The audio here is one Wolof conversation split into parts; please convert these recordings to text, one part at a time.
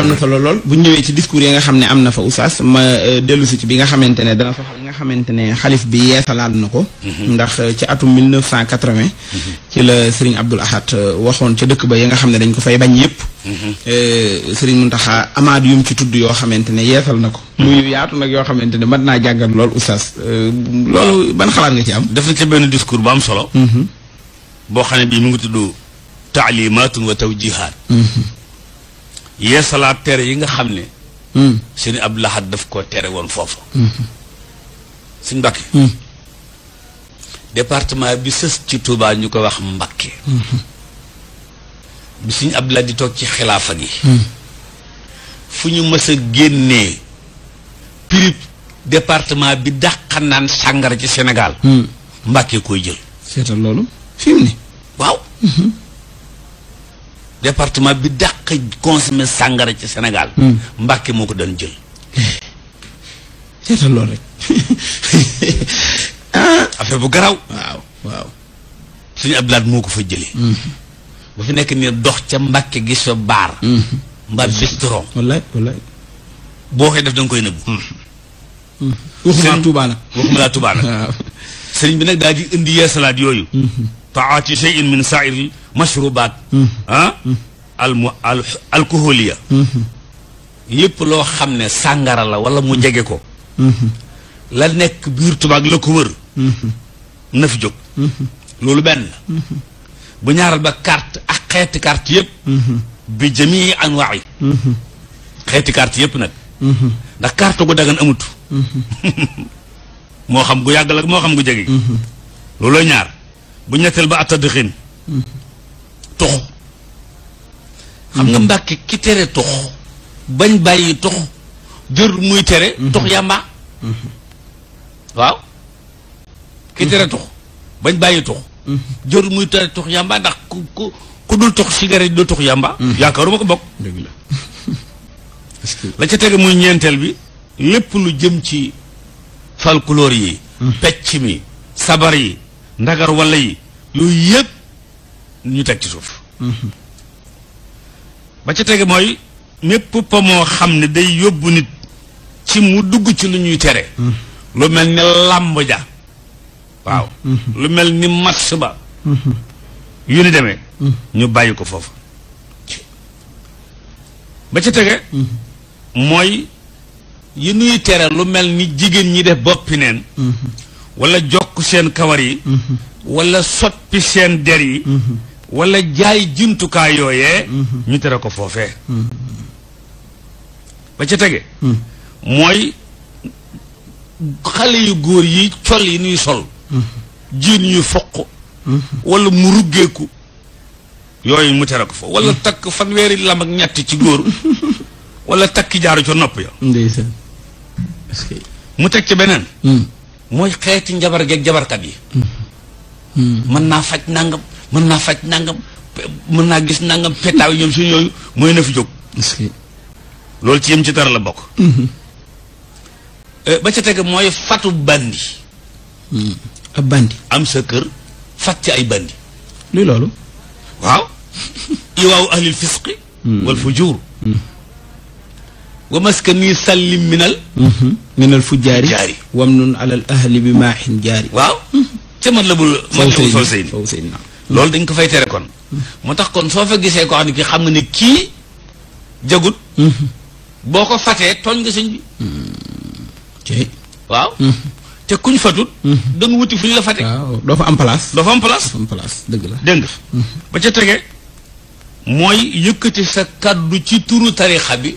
am na solo lool bu ñëwee ci discours yi nga xam ne am na fa oustaz ma euh, dellu si ci bi nga xamante ne dana soxal yi nga xamante ne xalif bi yeesalaat na ko. Mhm. ndax euh, ci atum 1980. Mhm. ci la Serigne Abdoul Ahad euh, waxoon ca dëkk ba yi nga xam ne dañ ko fay bañ yépp mhm. Serigne Mountakha amaat yum ci tudd yoo xamante ne yeesal na ko. muy yaatu nag yoo xamante ne mën naa jàngat lool oustaz loolu ban xalaat nga ci am. def na ca benn discours bu am solo. boo xam ne bii mu ngi tudd taalimaatun wa yeesalaat tere yi nga xam ne hmm. sëñ ab laxat daf ko tere woon foofu hmm. suñ Mbàkke hmm. département bi ci Touba ñu ko wax Mbàkke bi suñ Abdou Lahad di toog ci xilaafa gi fu ñu mës a génnee prix département bi dàqa naan sàngara ci Sénégal Mbàkke koy jël seetal loolu fi mu ne waaw département bi dàq consommer sàngara ci Sénégal. Hmm. mbakke moo ko daan jël. Eh, seetal loolu rek. Ah, affaire bu garaw waaw waaw. suñu abdoulaye moo ko fa jële hmm. bu fi nekk nii dox ca Mbàkke gis fa baar. Hmm. mbaa bistro. wallaay wallaay. boo koy def da koy nëbbu. waxuma Touba waxuma laa Touba nag. bi nag daal di indi yeesalaat yooyu. taati shay'in min sa'iri mashrubat hmm. ah almu al alkoholiya hmm. lepp lo xamne sangara la wala mu jégué ko hmm. la nek bir tuba ak lako wër neuf jog lolu ben bu ñaaral ba carte ak xéti carte yépp bi jami' anwa'i xéti carte yépp nak ndax carte gu dagan amut mo xam gu yàgg la mo xam gu jégué lolu ñaar bu ñettal ba atadkhin tux xam nga hmm. mbàkke ki tere tux bañ bàyyi tux jër muy tere hmm. tux yàmba hmm. waaw ki bañ bàyyi tux jër muy tere tux yàmba ndax ku ku ku dul tux cigarette dul tux yàmba yaakaaruma ko bokk dëgg la la ca tege muy ñeenteel bi lépp lu jëm ci folklore yi pecc mi sabar yi ndagar walla yi yooyu yëpp ñu teg ci suuf ba ca tege mooy mépp po moo xam ne day yóbbu nit ci mu dugg ci lu ñuy tere lu mel ni làmb ja waaw lu mel ni match ba yu ni demee ñu bàyyi ko foofu ba ca tege mooy yi nuy tere lu mel ni jigéen ñi def boppi neen wala jokk seen kawar yi wala soppi seen der yi wala jaay jumtukaay yooyee mhm. ñu tere ko foofee mhm. ba ca tege mhm. mooy xale yu góor yi col yi ñuy sol jiin yu foq wala mu ruggeeku yooyu mu tere ko fa wala takk fanweeri lam ñetti ci góor wala takki jaaru ca nopp ya mu teg ci beneen hmm. mooy xeeti njabar geeg jabarkat yi hmm. Hmm. mën naa faj nangam mën naa faj nangam mën naa gis nangam petaaw yi ñoom yooyu mooy na jóg. loolu ci yem ci dara la bokk. Mhm. Euh, ba ca teg mooy fatu bandi. Hmm. ab bandi. am sa kër fat ci ay bandi. luy loolu. waaw. iwaawu ahlil fisqi. Hmm. wal fujuur. Hmm. Mhm. nun waaw. ca man la bul. man la bul faw seyni loolu dañ ko fay tere kon moo tax kon soo fa gisee ko xam ne ki xam nga ne kii jagut boo ko fatee tooñ nga sëñ bi waaw te kuñ fatut da nga wuti fu ñu la fate doo fa am place doo fa am place dëgg la dégg ba ca tege mooy yëkkati sa kaddu ci turu tarixa bi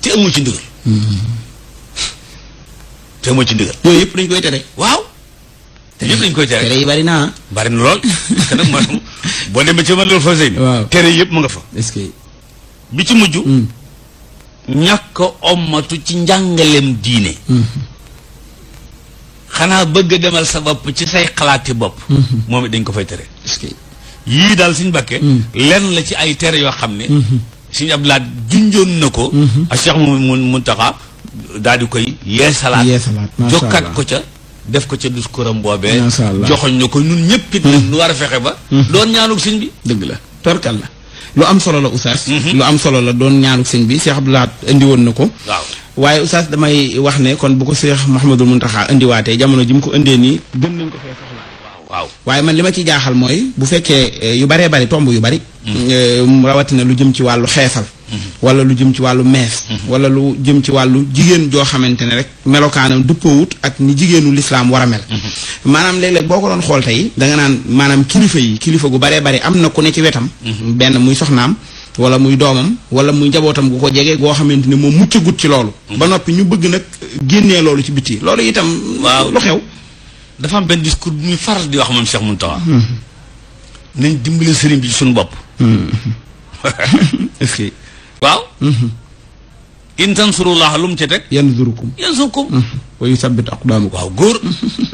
te amoo ci ndigal mm-hmm. te amoo ci ndigal yooyu yëpp dañ koy tere waaw te yëpp lañ koy tere tere yi bari naa bari na lool parce que nag maanaam boo demee ci man loolu fa sëy waaw tere yëpp mu nga fa est-ce bi ci mujj hmm. ñàkk ommatu ci njàngaleem diine hmm. xanaa bëgg a demal sa bopp ci say xalaati bopp hmm. moom it dañ ko fay tere est-ce que yii daal suñ bàkkee lenn la ci ay tere yoo xam ne suñu ab laat junjoon na ko a Cheikh mu mun mun taxa daal di koy yeesalaat jokkaat ko ca def ko ca discours am boobee. macha allah joxoñ na ko ñun ñëpp it. lu hmm. war fexe ba. Hmm. doon ñaanug sëñ dëgg la torkal la lu am solo la Oustaz. Hmm. lu am solo la doon ñaanug siñ bi Cheikh Abdou Lahad indi woon na ko. waaw waaye Oustaz damay wax ne kon bu ko Cheikh Mouhamadul Mountakha indiwaatee jamono ji mu ko indee nii gën nañ ko fee soxla. waaw waaye man li ma ci jaaxal mooy bu fekkee eh, yu baree bari tomb yu bari. Eh, rawatina lu jëm ci wàllu xeesal. wala lu jëm ci wàllu mees wala lu jëm ci wàllu jigéen joo xamante ne rek melokaanam dëppoowut ak ni jigéenu lislaam war a mel maanaam léeg-léeg boo ko doon xool tey danga naan maanaam kilifa yi kilifa gu baree bari am na ku ne ci wetam benn muy soxnaam wala muy doomam wala muy njabootam gu ko jege goo xamante ne moom muccagut ci loolu ba noppi ñu bëgg nag génnee loolu ci biti loolu itam waaw lu xew dafa am benn discours bu muy faral di wax moom Cheikh Mountakha hmm. nañ dimbale sëriñ bi suñu bopp hmm. waaw mhm. in tansurullah lu mu ci teg yansurukum yansurkum mhm. wa yusabbit aqdaamukum waaw góor mhm.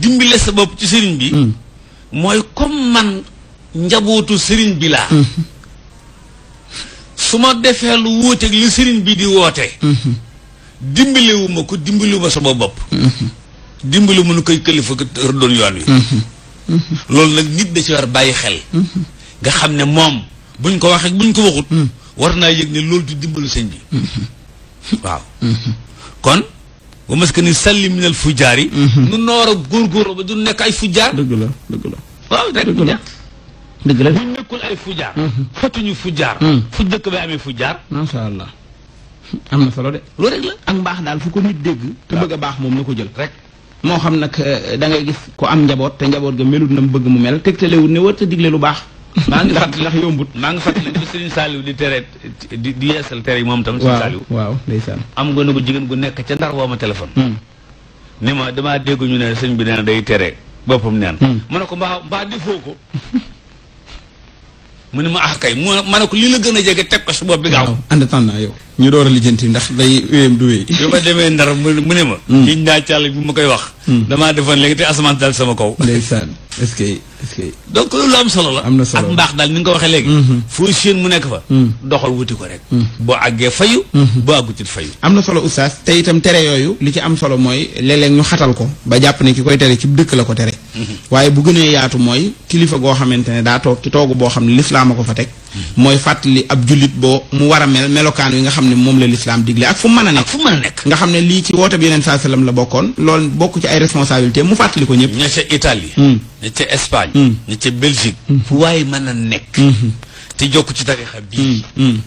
dimbile sa bopp ci sëriñ bi mooy comme man njabootu sëriñ bi laa su ma defee lu wuuteeg li sëriñ bi di woote dimbalewu ma ko dimbalewu ma sama bopp dimbali mënu koy kilifa doon yoon wi loolu nag nit da ci war bàyyi xel nga xam ne moom buñ ko waxee buñ ko waxut war naa yëg ne loolu du dimbalu sëñ bi waaw kon wa maskani salli minal fujaar yi nu noor a góorgóorlu ba du nekk ay fujaar dëgg la dëgg la waaw dëgg la dëgg la ñu nekkul ay fujaar fatuñu fujaar hmm. fu dëkk ba amee fujaar macha allah am na solo de loolu rek la ak mbaax daal fu ko nit dégg te bëgg a baax moom na ko jël rek moo xam nag eh, da ngay gis ko am njaboot te njaboot ga melut na mu bëgg mu mel tegtalewul ne war a digle lu baax maa ngi fàttali ndax yombut maa ngi fàttali li Serigne Saliou di tere di di yeesal tere yi moom tam Serigne Saliou waaw ndeysaan am gone gu jigéen gu nekk ca ndar woo ma téléphone hmm. ni ma damaa dégg ñu ne sëñ bi nee na day tere boppam neen hmm. ma ne ko mbaa mbaa defoo ko mu ne ma ah kay man ma ne ko li la gën a jege teg ko si bopp bi gaaw. ànd tànn naa yow. ñu door a lijjanti ndax day wéyam du wéy. bi ma demee ndar mu ne ma. liñ hmm. naa càll bi ma koy wax. Hmm. damaa defoon léegi te asamaan daal sama kaw. ndeysaan est-ce que est-ce que. donc loolu am solo la. am na solo ak mbaax daal ni nga ko waxee léegi. Hmm, foo seen mu nekk fa. doxal wuti ko rek. boo àggee fayu. boo àggutit fayu. am na solo oustaz te itam tere yooyu li ci am solo mooy léeg ñu xatal ko ba jàpp ne ki koy tere ci dëkk la ko tere. waaye bu gënee yaatu mooy kilifa goo xamante ne daa toog ci toogu boo xam ne lislaam a ko fa teg mooy fàttali ab jullit boo mu war a mel melokaan wi nga xam ne moom la lislaam digle ak fu mën a nekk fu mën nekk nga xam ne lii ci woote bi yeneen saa salaam la bokkoon loolu bokk ci ay responsabilité mu fàttali ko ñëpp ña ca Italie hmm. ña ca Espagne hmm. ña ca Belgique hmm. fu waaye mën a nekk te jokk ci tarixa bii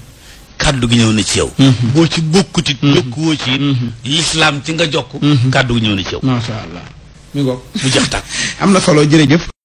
kàddu gi ñëw na ci yow boo ci bokkuti jokkuwoo ci lislaam ci nga jokk kàddu ñëw na ci yow masha Allah mi ngoog mu jeex tàkk am na solo jërëjëf